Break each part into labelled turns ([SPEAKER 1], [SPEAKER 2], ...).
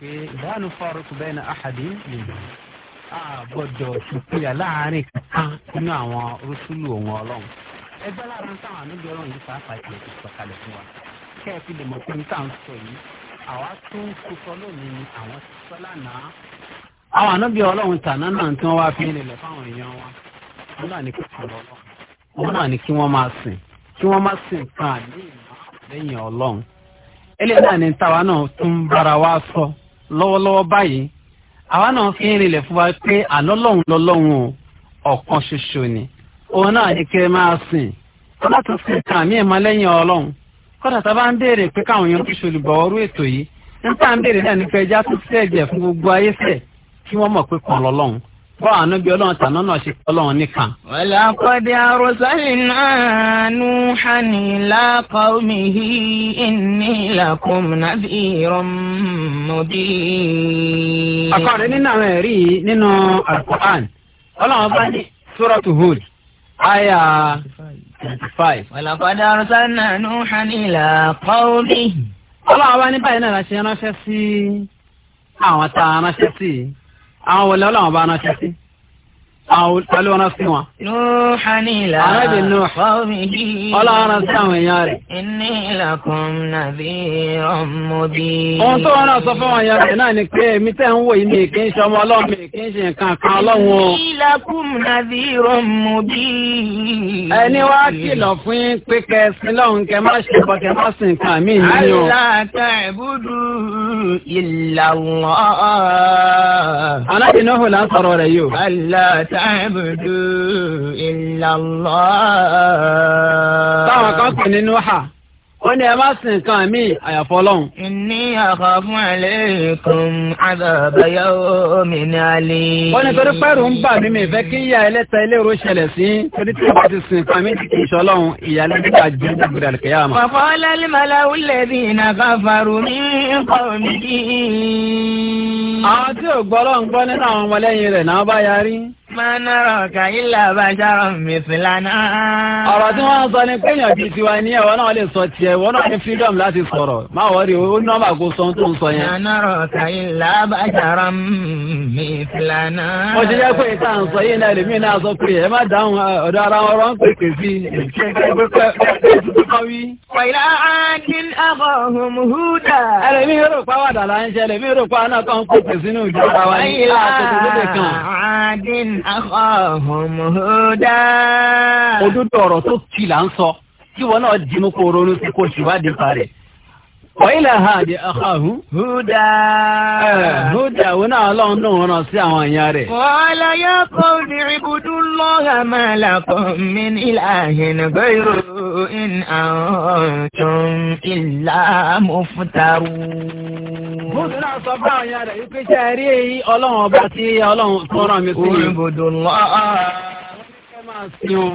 [SPEAKER 1] pé la nufarriqu bayna ahadin minhum àgbọ̀dọ̀ ìpìlẹ̀ láàárín kankan nínú àwọn láàárín táwọn àmì ìjọrọ̀ yìí pàápàá ti ẹ̀sìn sọ̀kalẹ̀ táwọn sọ ọlọ́run tàná náà tí wọ́n wá lọ́wọ́lọ́wọ́ báyìí àwa náà fi ń rinlẹ̀ fún wa pé àlọ́lọ́hún lọ́lọ́hún o ọ̀kan ṣoṣo ni òun náà ni kẹ́ ẹ máa sìn láti sìn kàn mí ìmọ̀ lẹ́yìn ọlọ́run kọ́dà tá a bá ń béèrè pé káwọn yẹn kí ṣolùbọ̀ ọrú ètò yìí nípa ń béèrè náà nípa ẹja tó ṣẹ̀jẹ̀ fún gbogbo ayé sẹ̀ kí wọ́n mọ̀ pé kàn lọ́lọ́hún bọ́ àánú bí ọlọ́run tàná náà ṣe ọlọ́run nìkan. wàlá kọ́dé arúsálì náà nù hàní láàkọ́ mi hí ìní làkùn nàbí ìrọ̀mọdé. àkọọ́rẹ́ nínú àwọn ẹ̀rí nínú alukur'an ọlọ́run bá ní sóràtú Hud aya five. wàlá kọ́dé náà nù hàní làkọ́ mi. bá ní báyìí náà ṣe ránṣẹ́ sí àwọn tá a ránṣẹ́ sí àwọn wọlé ọlọ́wọ́n bá ránṣẹ́ sí àwọn talóra sí wọn. nuhanila arabi nuhu ọlọ́run sí àwọn èèyàn rẹ̀. inni lakum nadhirun mubin. ohun tó wọn náà sọ fún wọn yẹn rẹ̀ náà ni pé èmi tẹ́ ń wò yìí mi kì í ṣe ọmọ ọlọ́run mi kì í ṣe nǹkan kan ọlọ́run o. inni lakum nadhirun mubin. ẹni wá kìlọ̀ fún yín pé kẹsìn lọ́hùn kẹ má ṣe bọ́ kẹ má sì nǹkan mí ni o. alla ta'budu illa Allah. aláàbì náà hùwà ń sọ̀rọ̀ rẹ̀ yìí o. نعبد إلا الله táwọn kan pè nínú hà ó ní ẹ má sin nǹkan mi àyàfọ́ ọlọ́run. inni akhafu alaykum adhaba yawmin alim. ó ní torí pẹ́rù ń bà mí mi fẹ́ kí ìyá ẹlẹ́ta eléèrò ṣẹlẹ̀ sí torí tí wọ́n ti sin nǹkan mi kì í ṣe ọlọ́run ìyálé nígbà jẹ́ ìgbèrè al-qiyamah. fa qala al-mala'u alladhina kafaru min qawmihi. àwọn tí ò gbọ́ máa ń rọ̀ ká ilà bàṣàrọ̀ mìsìlánà. ọ̀rọ̀ tí wọ́n ń sọ ni pé èèyàn ti tiwa ní ẹ̀wọ̀n náà lè sọ tiẹ̀ ìwọ náà ní freedom láti sọ̀rọ̀ má wọ́ọ̀rì ó nọ́mbà kó sọ tó ń sọ yẹn. máa ń rọ̀ ká ilà bàṣàrọ̀ mìsìlánà. mo ti jẹ́ pé ìta ń sọ yìí náà lèmi náà sọ pé ẹ má dáhùn ọ̀dọ̀ ara wọn rán pèpè sí i. wàyà ádín àbọ̀hùn akhahum huda. òdodo ọ̀rọ̀ tó ti là ń sọ tí wọn náà dì mú kó ronú sí kó ṣèwádìí parẹ́ wàhálà ha di akahu. huda. Eh. huda wo náà lọ́wọ́ náà sí àwọn èèyàn rẹ̀. wàhálà yóò kọ́ ní ibùdó lọ́hà máa làkọ́ mi nílà ìnàgbọ́ ìró in àwọn ìlà mọ́fútàrú. Bùsù náà sọ fún àwọn yàrá yìí pé ṣe é rí ọlọ́run ọba tí ọlọ́run tọ́rọ̀ mi sí. Olùbòdò lọ́ọ́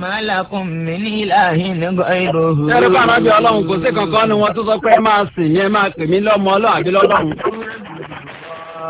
[SPEAKER 1] Màálàkùn mi ní ìlàhìn nígbà ìròhùn. Ẹ̀rọ bá arábí ọlọ́run kò sí kankan ni wọ́n tún sọ pé máa sìn yẹn máa pè mí lọ́mọ ọlọ́run àbí lọ́lọ́run.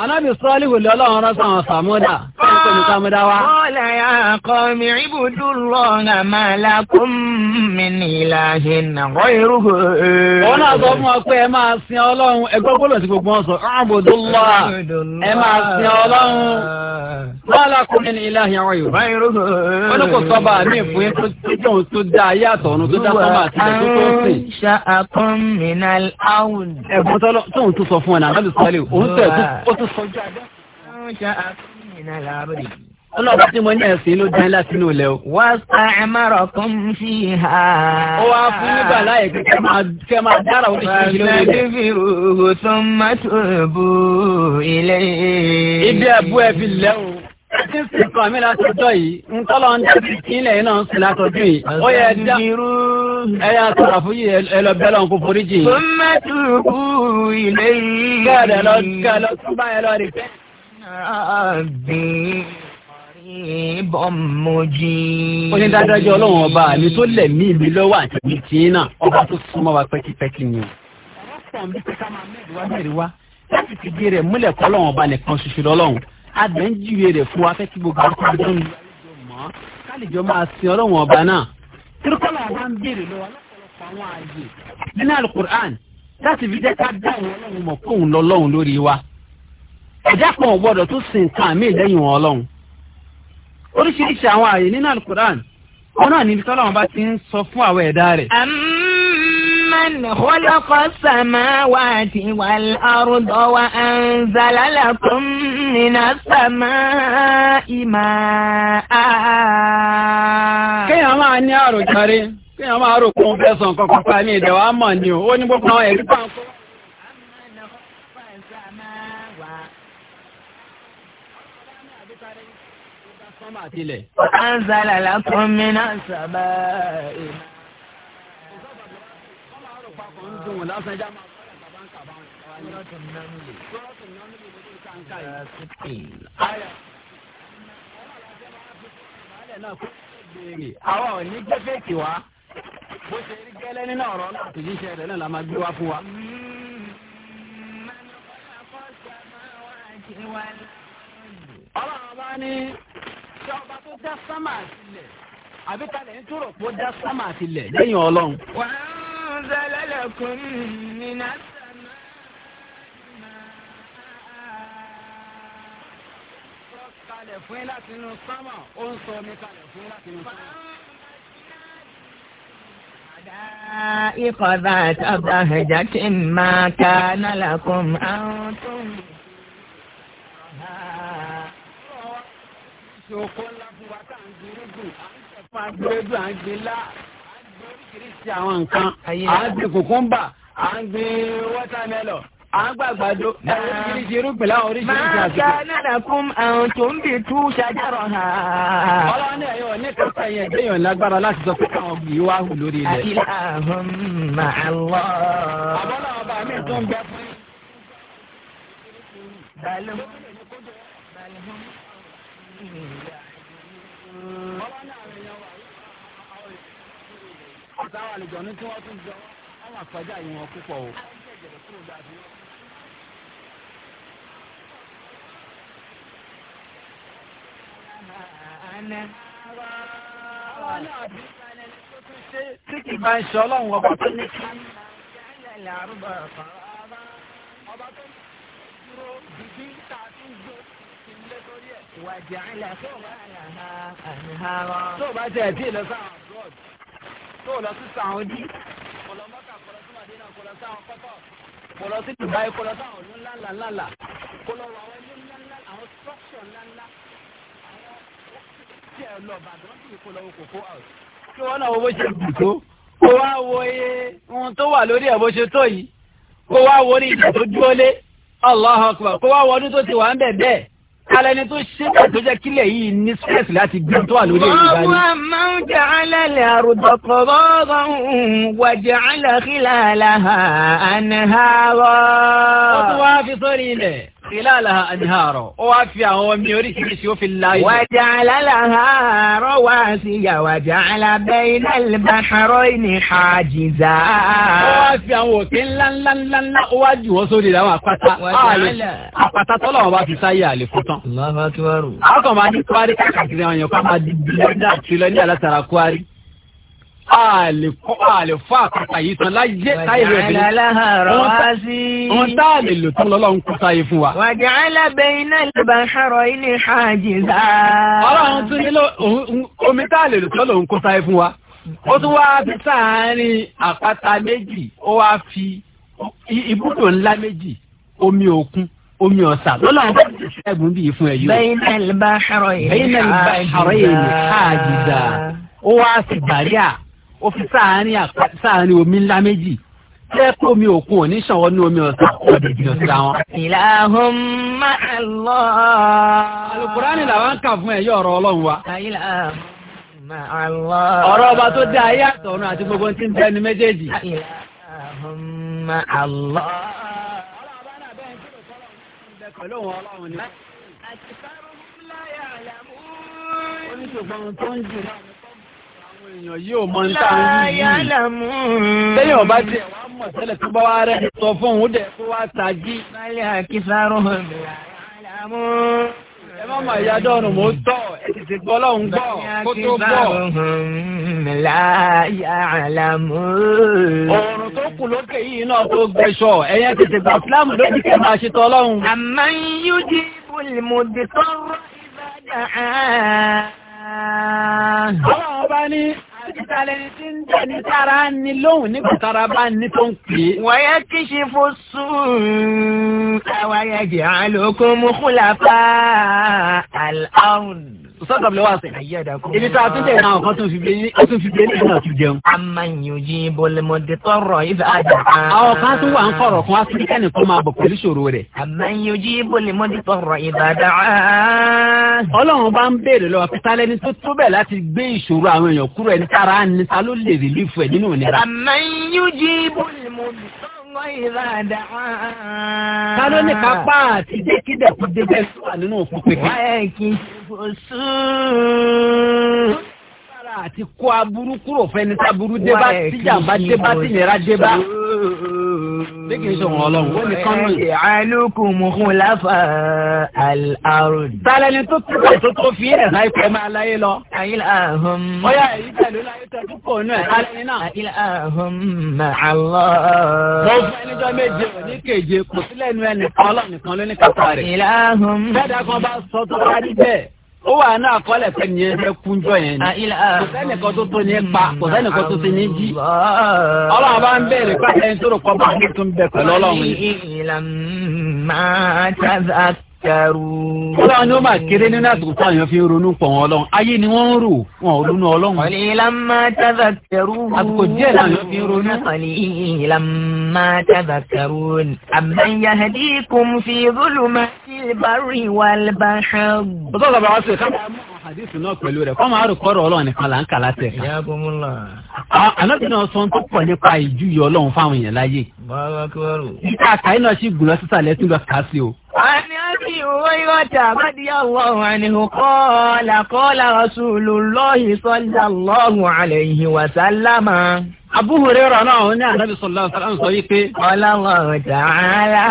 [SPEAKER 1] anábì sọ́ọ́lì wòlé ọlọ́run rán sáwọn sàmúdà fẹ́ẹ́ tó ní sàmúdà wá. kọ́lá ya kọ́ mi ibùdó lọ́ọ̀gà máa lákún mi ní ìlàjì nàgọ́ irúgbó. òun náà sọ fún wa pé ẹ máa sin ọlọ́run ẹgbẹ́ gbọ́dọ̀ sí gbogbo wọn sọ ọ̀bùdó lọ́ ẹ máa sin ọlọ́run wọ́n lákún mi ní ìlàjì àwọn yorùbá. ní kò sọ́ba mi fún yín tó dá ayé àtọ̀run tó dá sọ́ba àti ilẹ̀ tó tó sìn. ṣá tún sọjú àdá. Ọlọ́ọ̀bá tí mo ní ẹ̀sìn ló dán láti inú ilẹ̀ o. Wọ́n sá ẹ̀mọ́rọ̀ kan fi hà. Ó wá fún nígbà láyé pé kẹ́ máa dára orí ṣíṣe lórí rẹ̀. Fàṣẹ fi rògbò tó máa tó bò ilé. Ibi ẹ̀bú ẹ̀ fi tí ń sìn kan mi látọjọ́ yìí ń tọ́lọ ń dábì kí náà ń sìn yìí ó yẹ dá ẹ yà sọ̀rọ̀ fún yìí ẹ lọ bẹ́ẹ̀ lọ́n kó forí jì. ó má tukú ilé yìí. kẹ́ẹ̀dẹ̀ lọ kẹ́ẹ̀ lọ tún báyẹn lọ rí fẹ́. ó ní dájọ́jọ́ ọlọ́run ọba mi tó lẹ̀ mí mi lọ́wọ́ àti mi tì í náà ọba tó súnmọ́ wa pẹ́kípẹ́kí ni ọ̀rọ̀ sọ̀rọ̀ mi pé adẹ́njúwe rẹ̀ fún wa fẹ́ kí gbogbo àwọn ọmọdé ń lọ kálíjọ máa sin ọlọ́wọ̀n ọba náà kíríkọ́lá ọba ń béèrè lọ́wọ́ lọ́pọ̀lọpọ̀ àwọn ààyè nínú alukur'an láti fi jẹ́ ká dá ìwọ̀n ọlọ́run mọ̀ kóun lọ́lọ́run lórí wa ẹ̀dá kan ò gbọ́dọ̀ tó sin nǹkan àmì ìlẹ́yìn wọn ọlọ́run oríṣiríṣi àwọn ààyè nínú alukur'an wọn náà níbi tọ́lọ́run bá ti ń sọ fún àwọn من خلق السماوات والأرض وأنزل لكم من السماء ماء kéèyàn máa ní àròjáre kéèyàn máa rò kún fẹsàn kankan pa ní ìdẹ̀wà mọ̀ ni ó ó ní gbogbo àwọn ẹ̀rí pàǹkó. وأنزل لكم من السماء ماء dùn wọn lásán ẹja máa
[SPEAKER 2] àwọn òní jẹ́ fèkì wá
[SPEAKER 1] bó ṣe rí gẹ́lẹ́ nínú ọ̀rọ̀ náà àtìjíṣẹ́ rẹ̀ náà la máa gbé wá fún wa. ọlọ́run bá ní ṣé ọba tó dá sámà sílẹ̀ àbí ta lè ń túrò pé ó dá sámà sílẹ̀ lẹ́yìn ọlọ́run. wàá أنزل لكم من السماء kalẹ̀ fún yín láti inú sámà ó ń sọ mi kalẹ̀ fún yín láti inú sámà. Ìkọ̀dà àtàbà ẹ̀já tí ń máa ka nálàkùn àwọn tó ń bọ̀. Ṣé o kọ́ ńlá fún wa tá à ń gbé rúgùn? À ń tẹ̀ fún agbẹ́dùn à ń gbé lá oríṣiríṣi àwọn nǹkan à ń gbin kùkúmbà à ń gbin wọ́tàmẹ́lọ̀ à ń gbàgbàdo oríṣiríṣi irúgbìn láwọn oríṣiríṣi àsìkò. máa ká nàdà fún àwọn tó ń bì tú ṣàjàrọ̀ ha. ọlọ́run ní ẹ̀yọ́ ní kẹta yẹn déyàn lágbára láti sọ pé káwọn gbìn wá hù lórí ilẹ̀. àìláhùn ọba mi tún gbẹ fún táwọn àlejò ní tí wọ́n tún jọ àwọn àpẹjà yìí wọn púpọ̀ o. tí kì í bá ń ṣe ọlọ́run ọba tó ní kí ọba tó ní dúró bíbí tá a ń gbó ilé lórí ẹ̀. wàjà ńlá tó bá tẹ̀ tí ì lọ sáwọn abroad. tó lọ sí Saudi kọlọ mọ́kà kọlọ sí Madina kọlọ sí àwọn pọ́tọ̀ kọlọ sí Dubai kọlọ sí àwọn ìlú ńláńlá kọlọ àwọn ìlú ńláńlá àwọn àwọn tí ẹ lọ Ìbàdàn sì kọlọ oko àwọn. kí wọ́n náà wo bó ṣe tó kó wá wo iye ohun tó wà lórí ẹ̀ bó ṣe tó yìí kó wá wo alẹ́ni tó ṣe bẹ́ẹ̀ tó jẹ́ kílẹ̀ yìí ní stress láti gbé tó wà lórí èyí báyìí. wọ́n máa ń jẹ́ alẹ́ àrùdọ̀ kọ̀ọ̀rọ̀ wàjẹ́ alẹ́ kílẹ̀ àlàhà àníhàrọ̀. ó tún wá fi sórí ilẹ̀. خلالها أنهارا وفي عوامي وريسي وفي الله وجعل لها رواسي وجعل بين البحرين حاجزا وفي عوامي لن لن لن لن وجه وصولي لها àpàtà tọ́lọ̀ ọba fi sáyé àlè fún tán. Allahu Akbar. a kàn máa ní kwari káàkiri àwọn èèyàn ká máa di bílíọ̀nù àti lọ ní alátara kwari àlè kọ́ àlè fọ́ àkàtà yìí tán láyé táyé rẹ̀ bẹ́ẹ̀. wàjà aláha rọ̀ wá sí. wọ́n tá àlè lò tán lọ́lọ́run kú táyé fún wa. wàjà alábẹ́ iná ìlúbà ṣọ̀rọ̀ ilé hajiza. ọlọ́run tún nílò omi tá àlè lò tán lòun kú táyé fún wa. ó tún wá fi sáàárín àpáta méjì ó wá fi ibùdó ńlá méjì omi òkun omi ọ̀sà lọ́la ọ̀sà ẹ̀bùn bíi fún ẹ yìí. bẹ́ẹ̀ iná ìlúbà ṣọ̀rọ̀ ilé hajiza. ó wá fi bàríà ó fi sáàárín sáàárín omi ńlá méjì jẹ́ kó omi òkun ò ní sàn wọnú omi ọ̀sán kó lè síra wọn. ìlàhùnmá lọ. alukurani làwọn kà fún ẹ yọ ọ̀rọ̀ Ọlọ́run wa. ọ̀rọ̀ ọba tó dé ayé àtọ̀run àti gbogbo ti ń bẹ ẹni méjèèjì. ìlàhùnmá lọ èèyàn yìí ò mọ ní tá à ń yí yìí lẹ́yìn ọba tí ẹ̀ wá mọ̀ tẹ́lẹ̀ tó bá wá rẹ̀ sọ fún òun dẹ̀ tó wá tají. bálẹ̀ àkísáró hàn mí àlámú. ẹ má mà ya dọ́rùn mò ń tọ̀ ẹ tètè gbọ́ lọ́hùn gbọ́ kó tó bọ̀. bálẹ̀ àkísáró hàn mí láyà àlámú. ọ̀run tó kù lókè yìí náà tó gbẹ̀ṣọ̀ ẹ̀yẹ tètè gbà fúlàmù lójú kẹ́ máa ṣe tọ́ lọ́hùn. àmọ́ yóò di olùmọ̀dé tọ́rọ ní ìtàlẹ́sìn tẹ̀lé tára ní lóhùn nígbà tára bá ní tó ń pè é. wọ́n yẹ kí ṣe fún sùn. àwa yẹ jẹ́ àlòkùn mú kúlà fà á àlàrùn. sọ́dọ̀ mi wá sí. ibi tá a tún tẹ̀ náà kan tún fi bẹ́ẹ̀ ní a tún fi bẹ́ẹ̀ ní ìgbà tún jẹun. a máa ń yun jí bọ́lẹ̀mọdé tọrọ ibà àjà. àwọn kan tún wà ń kọ̀rọ̀ fún áfíríkà nìkan máa bọ̀ pẹ̀lú ìṣòro rẹ̀. a máa ń yun jí bọ́lẹ̀mọdé tọrọ ibà àjà. ọlọ́run bá ń béèrè lọ àfitalẹ́ ní tó tó bẹ̀ láti gbé ìṣòro àwọn èèyàn kúrò ẹni tára ní ta lè ká ló ní kápá àti jẹ́ kí dẹ̀kú débẹ̀ sùn wà nínú òkú pépé fòsùn. àti kó aburú kúrò fẹ́ni sáburú dé bá tíjà dé bá tìlera dé bá. Àlùkù mùkún láfa àrùn. Tálẹ́ni tó tó tó tó fi ẹ̀ láìpẹ́ máa láyé lọ. Àyìnlá ahùn. Bóyá èyí tẹ̀lé láyé tẹ̀ tó kọ̀ nù ẹ̀ tálẹ́ni náà. Àyìnlá ahùn màálọ́. Mo fún ẹnijọ́ méje òní keje kò sílẹ̀ nu ẹnìkan ọlọ́nìkan lóní kàtà rẹ̀. Àyìnlá ahùn. Bẹ́ẹ̀ ó wà ní àkọọ́lẹ̀ pé ní ẹ kúnjọ yẹn ni kò sẹ́ni kan tó tó ní pa kò sẹ́ni kan tó ti ní jí ọlọ́run bá ń bẹ̀rẹ̀ pé ẹni tó rò pọ̀ bá ń tún bẹ̀ pẹ̀lú yìí tẹ̀rù. Kọ́lá ni ó máa kéré nínú àsìkò tí àyàn fi ń ronú pọ̀ wọn ọlọ́run. Ayé ni wọ́n ń rò wọn ò ronú ọlọ́run. Kọ̀lì ìlànà tàbà tẹ̀rù. Àsìkò díẹ̀ làyàn fi ń ronú. Kọ̀lì ìlànà tàbà tẹ̀rù. Àmàyà hadikum fi zuluma ti bari wal bahar. Bọ́sọ̀ bàbá wa sè káwọn àdìsí náà pẹ̀lú rẹ̀ kọ́ máa rò kọ́rọ̀ ọlọ́run nìkan là ń kà láti náà sọ tó pọ̀ nípa ìjúyọ̀ ọlọ́run fáwọn èèyàn láyé. Bọ́lá kí wọ́n rò. Ìta àkàyè náà sì gùn lọ sísàlẹ̀ tún lọ kà á sí o. عن أبي هريرة رضي الله عنه قال قال رسول الله صلى الله عليه وسلم Abu Hurairah náà ní Ànábì sallallahu alaihi wasallam ń sọ yìí pé. Allahu ta'ala.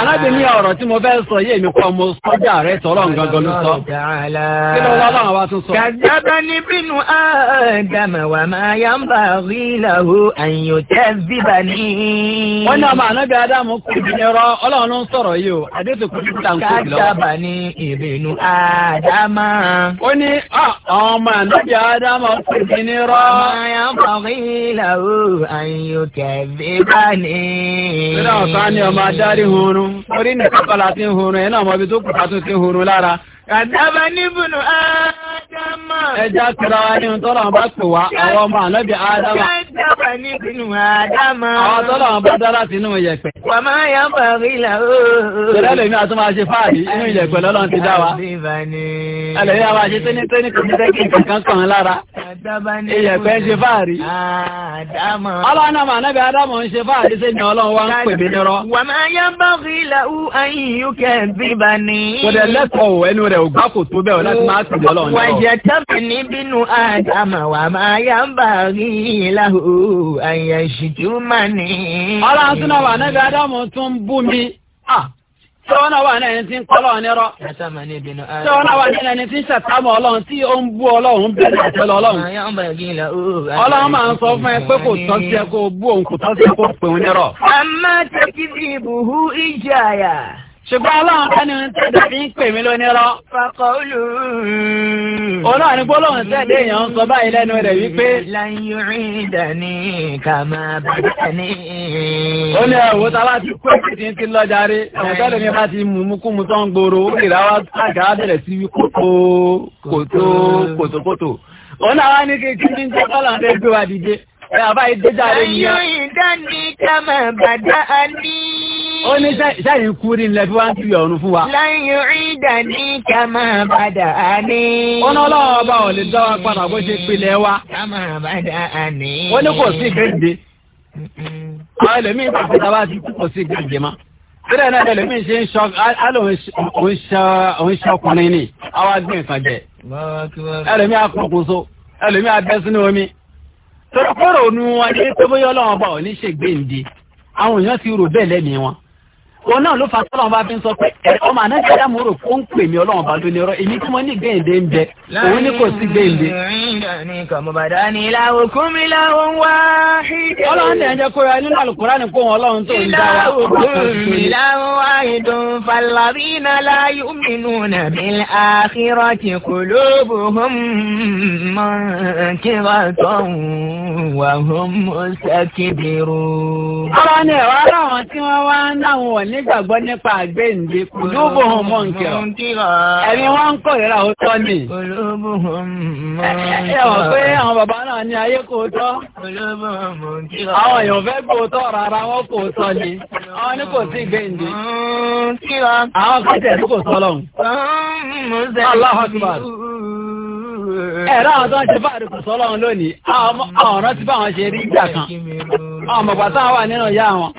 [SPEAKER 1] arábìnrin ọ̀rọ̀ tí mo fẹ́ sọ yé mi kọ́ mo sọ́jà rẹ̀ tọ́lọ̀ gangan ló sọ. kí ló wá láwọn wa tún sọ. kadhabani binu Adama wa ma yanbaghi lahu an yukazzibani. wọ́n ní ọmọ Ànábì Ádámù kò bí ẹ̀rọ Ọlọ́run ń sọ̀rọ̀ yìí yìí o àdéhùn kò ní tàn kó lọ. kájábà ní ìbínú ádámà. ó ní ọmọ ànábì ádámà ó sì ti ní rọ. àmàyà kọ̀ọ̀kì ìlàwó àyò kẹ̀bí bá ní. sílẹ̀ ọ̀sán ni ọmọ adarí hunrun orí nìkan kọ́lá ti ń hunrun náà mọ̀ ibi tó kùtà tó ti hunrun lára. Kàdábà níbùnú Ádámà. Ẹja kura wa ní tọ́lọ̀ bá pè wá àwọn ọmọ ànábì Ádámà. Kàdábà níbùnú Ádámà. Àwọn tọ́lọ̀ bá dára sí inú ìyẹ̀pẹ̀. Màmá yà ń bàrí là ó. Ṣèlè lèmi àti máa ṣe fáàrí inú ìyẹ̀pẹ̀ lọ́lọ́run ti dá wa. Ẹlẹ́yìn àwọn àṣẹ tẹ́ni tẹ́ni kò ní tẹ́kì kankan kan lára. Kàdábà níbùnú ìyẹ̀pẹ̀ Ádámà. Ọlọ́run náà bẹ́ẹ̀ ògbà kò tó bẹ́ẹ̀ láti máa sìn lọ́lọ́ náà. wàjẹ tàbí ní bínú àdàmà wà máa yá ń bà rí ìlàhó àyà ìṣìjú mà ní. ọlá tún náà wà níbi ádámù tún bú mi. sọ́wọ́n náà wà ní ẹni tí ń kọ́lọ́ nírọ́. sọ́wọ́n náà wà ní ẹni tí ń ṣàtàmọ̀ ọlọ́run tí ó ń bú ọlọ́run bẹ̀rẹ̀ àtẹ́lẹ̀ ọlọ́run. ọlọ́run máa ń sọ fún ẹ pé kò tọ́ sí ẹ kó bú òun kò tọ́ sí ẹ kó pè òun nírọ́. àmọ́ tẹ́kí ṣùgbọ́n ọlọ́run ẹni tẹ́lẹ̀ fi ń pè mí lónírọ́. Fakọ́lù. Òun náà ni gbólóhùn tẹ́lẹ̀ èèyàn ń sọ báyìí lẹ́nu rẹ̀ wípé. Ó ní ẹ̀wọ́ tá a bá ti kó èsì tí ti lọ járe. Àwọn tẹ́lẹ̀ mi bá ti mú mú kú mu tán gbòòrò. Ó lè ráwá àgá bẹ̀rẹ̀ sí kótó kótó kótókótó. Òun náà wá ní kí kí ní jẹ́ kọ́lọ̀ ó ní sẹ́yìn kú ní ilẹ̀ fi wá ń kiri ọ̀run fún wa. lẹ́yìn ìdá ní ká máa padà á ní. ó ní ọlọ́wọ́ ọba ò lè dá wa padà bó ṣe pilẹ̀ wa. ká máa padà á ní. ó ní kò sí ìgbẹ́ǹde. àwọn ẹlòmíín kò sí ìjọba ti kò sí ìgbẹ́ǹde ma. bẹ́ẹ̀ náà ẹlòmíín ṣe ń ṣọ alò ń ṣọkùnrin ni àwa gbé nǹkan jẹ. ẹlòmíín akọkùnso ẹlòmíín abẹ́ sínú omi. tọ́lọ́kọ́rọ̀ ònú wa ní pé bóyá ọlọ́wọ́ ọba ò ní ṣègbè àwọn èèyàn ti rò bẹ́ẹ̀ lẹ́mìí wọn òun náà ló fa tọ́lọ́wọ́n bá fi ń sọ pé ọmọ anájà dámú rò kó pè mí ọlọ́wọ́n bá lónìí ọ̀rọ̀ èmi tí mo ní gbẹ̀ǹde ń bẹ òun ní kò sí gbẹ̀ǹde. ọlọ́run tẹ̀ ń kóra nínú àlùkùránì kó wọn ọlọ́run tó ń dá ọlọ́run ẹ̀ wá láwọn tí wọ́n wá ń dáhùn nígbàgbọ́ nípa àgbéǹde kùlùbù hàn mọ́ nkẹ́rọ̀ ẹ̀mí wọn ń kọ̀ ìrà òótọ́ ni. ẹ wọ pé àwọn bàbá náà ní ayé kò tọ́. àwọn èèyàn fẹ́ kò tọ́ rárá wọn kò tọ́ ni àwọn ní kò sí ìgbéǹde. àwọn kẹ̀kẹ́ ní kò tọ́ lọ́hùn. Allahu ẹ̀rọ àwọn tó ń ṣe fáàrí kò sọ́lọ́run lónìí àwọn ọ̀rọ̀ ti bá wọn ṣe rí ìgbà kan ọmọ pàtàkì wà nínú ìyá wọn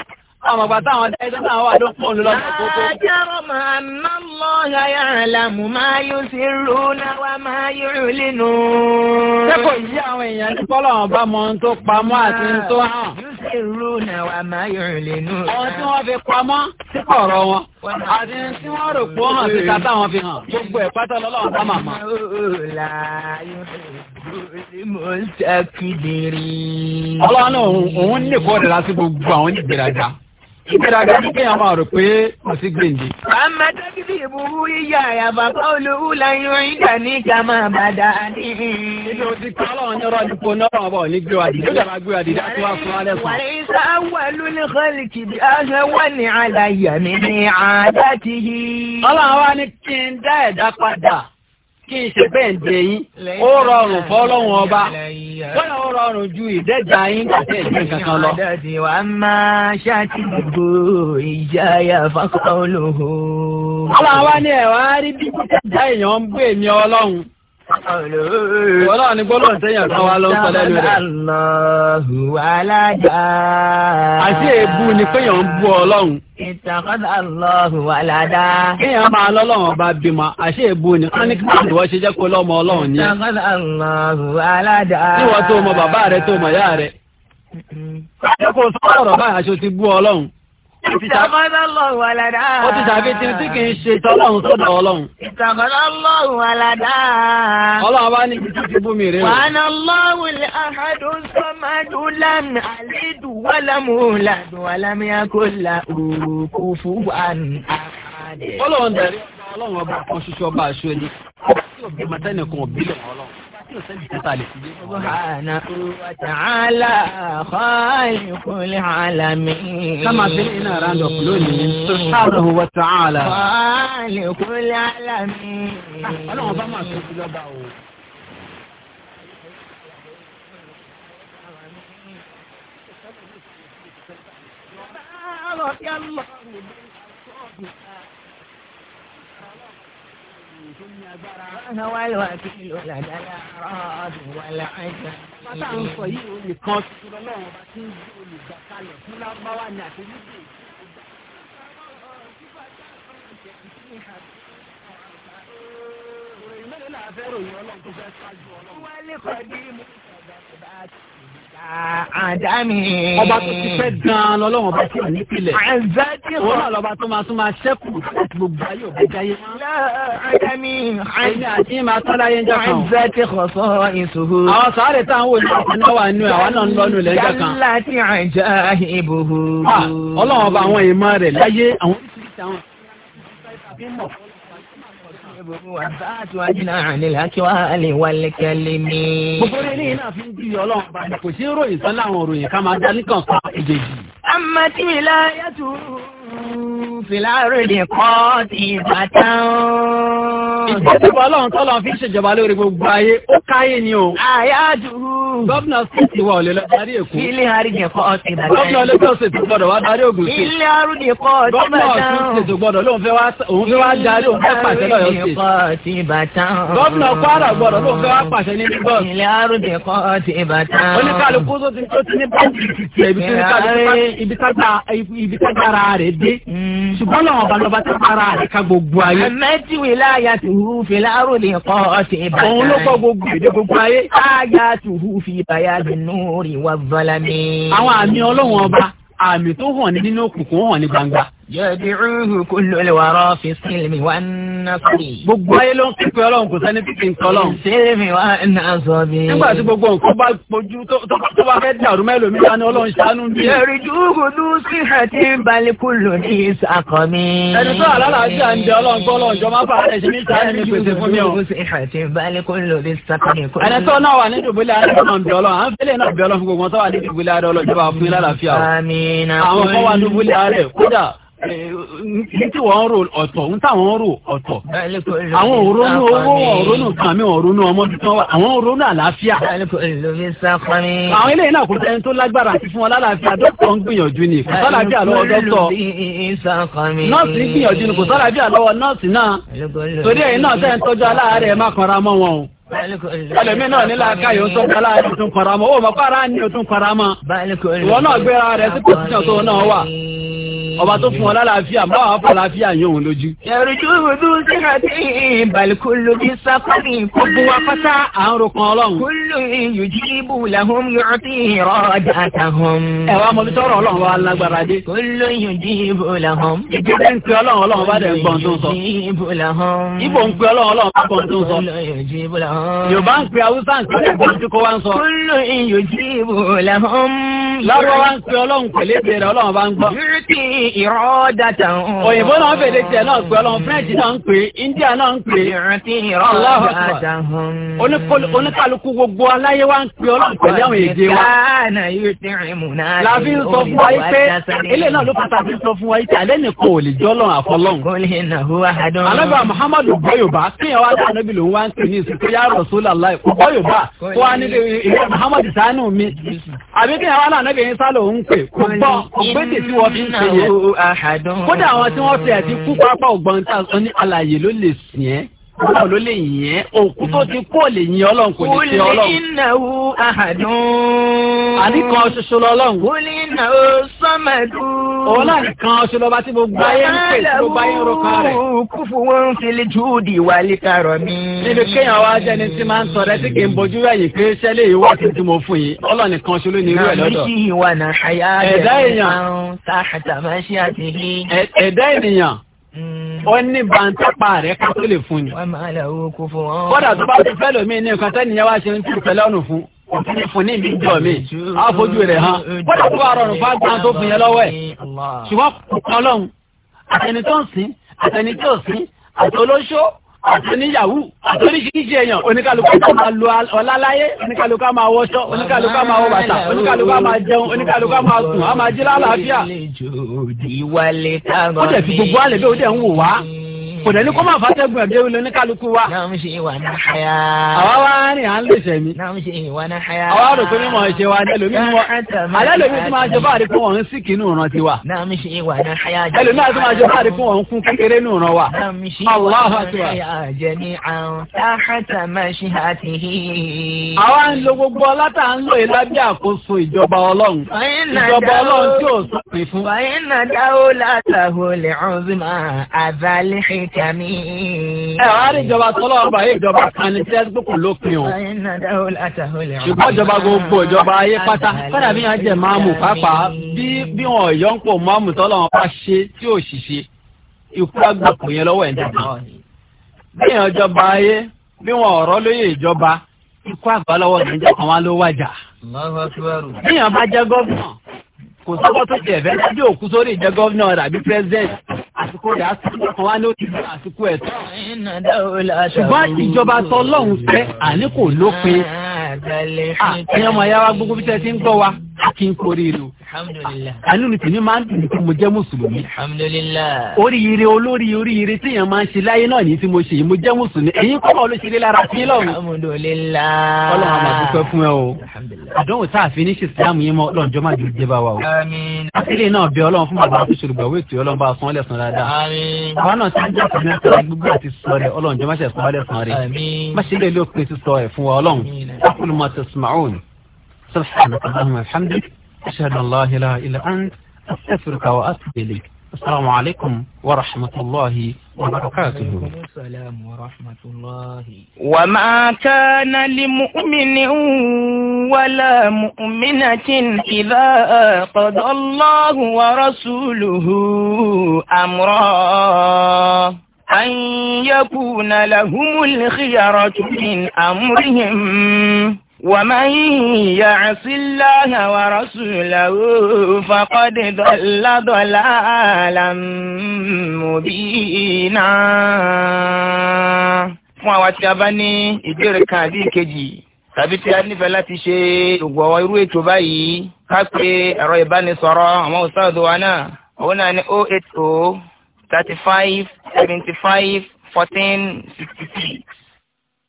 [SPEAKER 1] Àwọn àgbà táwọn ẹjọ́ náà wà ló pọ̀ lọ́nà kókó. Àjọrò máa ná lọ yàrá àlàmù máa yóò sí rúnà wá máa yóò lẹ́nu. Ṣé kò yí àwọn èèyàn ní Fọ́lọ́run bá mọ ohun tó pamọ́ àti ohun tó hàn? Rúnà wá máa yóò lẹ́nu. Àwọn tí wọ́n fi pamọ́ sí kọ̀ọ̀rọ̀ wọn. Àti tí wọ́n rò pé ó hàn síta táwọn fi hàn. Gbogbo ẹ̀ pátá lọ́lọ́run bá màmá. Ọlọ́run òun ní ìkórìíra sí gbogbo àwọn ìgbéraga ìgbéraga ní kí àwọn àrò pé kò sí gbèǹde. àmọ́ tábìlì ìbúrú yíyá àyàfà paulu láyún ìjà ní kàmá bàdà ní. nínú ti kọ́ ọlọ́run ní ọ̀rọ̀ náà ọ̀rọ̀ ní gbé wa dìde. ìjọba gbé wa dìde àti wá fún wa lẹ́sùn. wàlẹ́ isa wà lónìí kọ́lì kìbí aṣọ wà ní àlàyé mi ní àdá ti yí. ọlọ́run wa ní kí n dá ẹ̀dá padà kí n ṣe bẹ́ẹ̀ dé yín ó rọrùn fọlọ́run ọba wọ́n ó rọrùn ju ìdẹ́gbà yín àti ẹ̀jẹ̀ kankan lọ. àdàdì wa máa ṣáàtì gbogbo ìyáyà fákọ́lò. àwọn àwa ni ẹ̀ wá rí bí ìjà èèyàn ń gbé mi ọlọ́run. Ọlọ́run ni gbọ́dọ̀ sẹ́yìn kan Àti èébú ni péyàn ń bú Ọlọ́run. Ìtàkọ́dà Allahu alájà. Kéèyàn máa lọ́lọ́run ọba bímọ, àṣé èébú ni wọ́n ní kí wọ́n wọ́n ṣe jẹ́ kó lọ́mọ Ọlọ́run ni. Ìtàkọ́dà Allahu alájà. Níwọ̀n tó mọ bàbá rẹ̀ tó mọ ìyá rẹ̀. Kájọ́ kò sọ ọ̀rọ̀ báyà ti bú Ọlọ́run. Ìtàkọ́dá lọ́rùn àlàdá. Ó ti ṣàfi tí tí kì í ṣe tọ́lọ́run sọ́dọ̀ ọlọ́run. Ìtàkọ́dá lọ́rùn àlàdá. Ọlọ́run bá ní ibi tí bú mi rí. Wàhánà lọ́rùn lè àhádùn sọ́mádùn lámì àlédù wàlámù làdùn àlámì àkọlà òkú fún wàhánà àhádẹ. Ọlọ́run dẹ̀rí ọlọ́run ọba kan ṣoṣo ọba àṣọ ẹni. Ọba tí òbí màtẹ́nìkan òbí lẹ̀ ọlọ́run. سبحانه وتعالى خالق العالمين كما بلئنا راند نقول سبحانه وتعالى خالق العالمين الله Àwọn ìwàkí ló làdá yàrá ọdún wà láàájá. Mátà ń sọ yìí nìkan tuntun lọ́wọ́ bá tí ń gbé olùgbàkalẹ̀ fún lábáwá ní àtẹ̀lẹ́dẹ̀. Ìròyìn mélòó làá ọba tó ti fẹ́ gan-an lọ́lọ́wọ́n bá tó wà nípìnlẹ̀. òun náà lọ́ba tó máa tún máa ṣẹ́kù láti gbogbo ayé òbí jáyé. èmi àti yín máa tọ́lá yẹn jọ kan. àwọn sàárè tá à ń wò ní ọ̀sán náà wà nínú ẹ̀ àwọn náà ń lọ́nu ilẹ̀ jọ kan. ọlọ́wọ́n bá àwọn ìmọ̀ rẹ̀ láyé àwọn oríṣiríṣi wàsáàtù àjìnà àníláàkíwá àlè wálẹ̀kẹ́lẹ́ mi. gbogbo rẹ̀ ní iná fi ń bí ọlọ́run bá kò sí ròyìn sọ́lá àwọn òròyìn ká máa dá nìkan kan èjèèjì. amadi ilayatu filarede kọ́ ti bàtàn. ìjọba ọlọ́run tọ́lọ́ fi ń ṣèjọba lórí gbogbo ayé ó káyé ni o. àyájú. Gọ́ọ̀nà stéètì wa ò lè lọ darí Èkó. Ilé arúgbìn kọ́ ọtí bàdá. Gọ́ọ̀nà Lagos stéètì gbọ́dọ̀ wá darí Ògùn stéètì. Ilé arúgbìn kọ́ ọtí bàtà. Gọ́ọ̀nà Ọ̀ṣun stéètì gbọ́dọ̀ lóun fẹ́ wá òun fẹ́ wá darí òun fẹ́ pàṣẹ lọ́yọ̀ stéètì. Gọ́ọ̀nà Kwara gbọ́dọ̀ lóun fẹ́ wá pàṣẹ ní Lagos. Ilé arúgbìn kọ́ ọtí bàtà. Oníkàlùkù tó ti tó ti ní báńkì ibi tá gbára rẹ̀ dé. Mm. Ṣùgbọ́n lọ́wọ́ balọ̀ba tá gbára rẹ̀ ká gbogbo ayé. Mẹ́tì wìláyà tùhù fìlà arúgbìn kọ́ ọtí bàtà. Òun ló kọ gbogbo èdè gbogbo ayé. Áyà tùhù f fi bayani nuri wa zalami. àwọn àmì ọlọ́wọ́n ọba àmì tó hàn nínú òkùnkùn hàn ní gbangba jẹ́dìrúhù kúlò lè wà rọ́ fi sílmi wà ná sọ́bì. gbogbo ayé ló ń pípẹ́ ọlọ́run kò sẹ́ni pípẹ́ ìtọ́lọ́run. sílmi wà ná sọ́bì. nígbà tí gbogbo nǹkan bá pojú tó bá fẹ́ dàrú mẹ́lòmí wá ní ọlọ́run ṣàánú bí. jẹ́rìndínlógún ló sì hàn tí ń balẹ̀ kúlò ní ìsàkọ́ mi. ẹni tó àlálà sí à ń jẹ ọlọ́run tó ọlọ́run jọ máa fà ẹ̀ ṣe ní ìsáyẹ̀ ní pèsè fún mi o. ẹni tó náà wà ní dùbúlẹ̀ àdúgbò náà ń bẹ ní tí wọ́n rò ọ̀tọ̀ ń táwọn rò ọ̀tọ̀ àwọn òrónú owó òrónú kàmí òrónú ọmọ tuntun wa àwọn òrónú àlàáfíà. àwọn eléyìí náà kò tó lágbára àti fún wọn lálàáfíà dókítà ń gbìyànjú ni kò sálàáfíà lọ́wọ́ dókítà nọ́ọ̀sì gbìyànjú ni kò sálàáfíà lọ́wọ́ nọ́ọ̀sì náà torí ẹ̀yin náà sẹ́ni tọ́jú aláàárẹ̀ má kanra mọ́ wọn o ẹlẹ́mi náà ní làákàyè ń sọ́kọ́ láàrin tún kọ́ra mọ́ ó mọ̀ kó ní o tún kọ́ra mọ́ náà gbéra rẹ̀ sí pòsíṣàn tó náà wà ọba tó fún ọ lálàáfíà bá wàá fọ láàfíà yín òun lójú. ẹrùjú rúdú sí ìbàlùkù lóbi sáfárì kò bu wa pátá à ń rokan ọlọ́run. kúlù ìyùjí ibù làhùn yóò ti rọ ọjà tàhùn. ẹ wá mọ bitọ́rọ̀ ọlọ́run wa lágbára dé. kúlù ìyùjí ibù làhùn. ìdílé ń pe ọlọ́run ọlọ́run bá dẹ̀ gbọ́n tó sọ. ibo ń pe ọlọ́run ọlọ́run bá gbọ́n tó sọ. kúlù ìyùjí ibù làhùn ìrọ́dàtà. òyìnbó náà fèdè tiẹ̀ náà pé ọlọ́run french náà ń pè india náà ń pè. ìrántí oníkàlùkù gbogbo aláyé wa ń pè ọlọ́run pẹ̀lú àwọn èdè wa. káànà yóò ti rìn múná. láfi ń sọ fún wa yìí pé ilé náà ló pàtàkì sọ fún wa yìí pé alẹ́ nìkan ò lè jọ́ lọ́run àfọlọ́run. kólé náà ó wá dán. alága muhammadu gbọ́yọ̀bá kíyàn wá dáná lòun wá ń pè ní ìsìnkú yàrá ahadun. kódà àwọn tí wọ́n fẹ́ ẹ̀ ti kú pápá ògbọ́n tá a sọ ní alàyè ló lè sìn ẹ́ báwo ló lè yìn ẹ́ òkú tó ti kó lè yìn ọlọ́run kò lè ṣe ọlọ́run. kúlì ìnáwó àhàdùn. àníkan ṣoṣo lọ́lọ́run. kúlì ìnáwó sọ́mẹ̀dù. òun náà nìkan ṣoṣo lọ́ba tí gbogbo ayé ń pè tí gbogbo ayé ń roka rẹ̀. kú fún wọn fi lè ju òdì wà líka rọ̀ mi. níbi kéèyàn wá jẹ́ ni tí máa ń tọrẹ tí kì í bojú ẹ̀yìn pé sẹ́lẹ̀ ìwọ́ ti ti mo fún yìí ọlọ́run nìkan ṣoṣo ló ní irú ẹ̀ lọ́dọ̀. ẹ̀dá èèyàn ó ní bàǹtàpá rẹ̀ ká tó lè fún ni. kódà tó bá ti fẹ́ lómi ní nǹkan tẹ́niyẹn wá ṣe ń tù pẹ́lẹ́ ọ̀nà fún òfin fún ní ìlú ìjọ mi á fojú rẹ̀ hàn kódà tó bá rọrùn fún agbára tó fún yẹn lọ́wọ́ ẹ̀ ṣùgbọ́n kò kọ́ lọ́hùn àtẹnitọ́sìn àtẹnitọ́sìn àtolóṣó àtẹníyàwó àtẹníṣiríṣi èèyàn oníkàlùkù á máa lo ọláláyé oníkàlùkù á máa wọṣọ oníkàlùkù á máa wọ bàtà oníkàlùkù á máa jẹun oníkàlùkù á máa sùn á máa jí lálàáfíà. ó dẹ̀ fi gbogbo àlẹ́ bẹ́ẹ̀ ó dẹ̀ ń wò wá kò dẹ̀ ní kó má fàtẹ́gùn ẹ̀mí ewu lóní kálukú wa. àwa wá rìn à ń lè sẹ̀mí. àwa rò pé mímọ ìṣe wa alẹ́lómi mọ alẹ́lómi tí máa ṣe báàrí fún ọ̀hún sí kìnnú ọ̀ràn tiwa. ẹlòmí àti máa ṣe báàrí fún ọ̀hún kún kékeré nù ọ̀ràn wa. àwa ń lo gbogbo ọlátà ń lò lábẹ́ àkóso ìjọba ọlọ́run. ìjọba ọlọ́run tí ò sọ pé fún kàmí. ẹ wá rí ìjọba tọ́lọ́ ọba yìí ìjọba kan ní tẹ́sí pé kò lópin o. ṣùgbọ́n ìjọba gbogbo ìjọba ayé pátá kọ́dà bí wọ́n jẹ́ máàmù pàápàá bí bí wọ́n yọ̀ ń pò máàmù tọ́lọ́ wọn bá ṣe tí ò sì ṣe ikú àgbà kò yẹn lọ́wọ́ ẹ̀ dàgbà. bí wọ́n jọba ayé bí wọ́n ọ̀rọ̀ lóye ìjọba ikú àgbà lọ́wọ́ ìjọba kan ló wájà àsìkò rẹ̀ àsìkò wa ni ti di àsìkò ẹ̀ tán. ṣùgbọ́n ìjọba tọ́lọ́hún fẹ́ àní kò lópin. àyànmọ̀ yàrá gbogbo bí tẹ́ ti ń gbọ́ wa kí n kórè ire alhamdulilayi. àní tèmi máa ń dùn kí mo jẹ́ mùsùlùmí. alhamdulilayi. oríire olórí oríire tíyẹn máa ń ṣe láyé náà ní tí mo ṣe yìí mo jẹ́ mùsùlùmí èyí kọ́ ọ ló ṣe lé lára sí lọ́run. alhamdulilayi. ọlọ́run àmà dúpẹ́ fún ẹ o. àdánwò tá a fi ní ṣìṣẹ́àmù yẹn mọ́ ọlọ́njọ́ máa dúró dé wa o. àmín. náà bẹ ọlọ́run fún bàbá tó ṣòro ètò ọlọ́run bá a sọ rẹ̀ lẹ́sàn rẹ̀. àmín. سبحانك اللهم وبحمدك أشهد أن لا إله إلا أنت أستغفرك وأتوب إليك السلام عليكم ورحمة الله وبركاته السلام ورحمة الله وما كان لمؤمن ولا مؤمنة إذا قضى الله ورسوله أمرا أن يكون لهم الخيرة من أمرهم ومن يعص الله ورسوله فقد ضل ضلالا مبينا fún àwa tí a bá ní ìbéèrè kan àbí ìkejì tàbí tí a nífẹ̀ẹ́ láti ṣe gbogbo àwọn irú ètò báyìí ká pé ẹ̀rọ ìbánisọ̀rọ̀ àwọn òṣèlú wa náà òun náà ní 080 35 75 14 66.